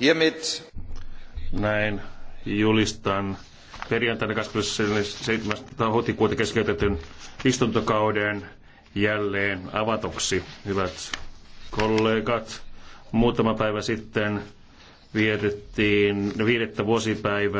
Hiermit. Näin julistan perjantaina 27. huhtikuuta keskeytetyn istuntokauden jälleen avatuksi. Hyvät kollegat, muutama päivä sitten vietettiin no viidettä vuosipäivää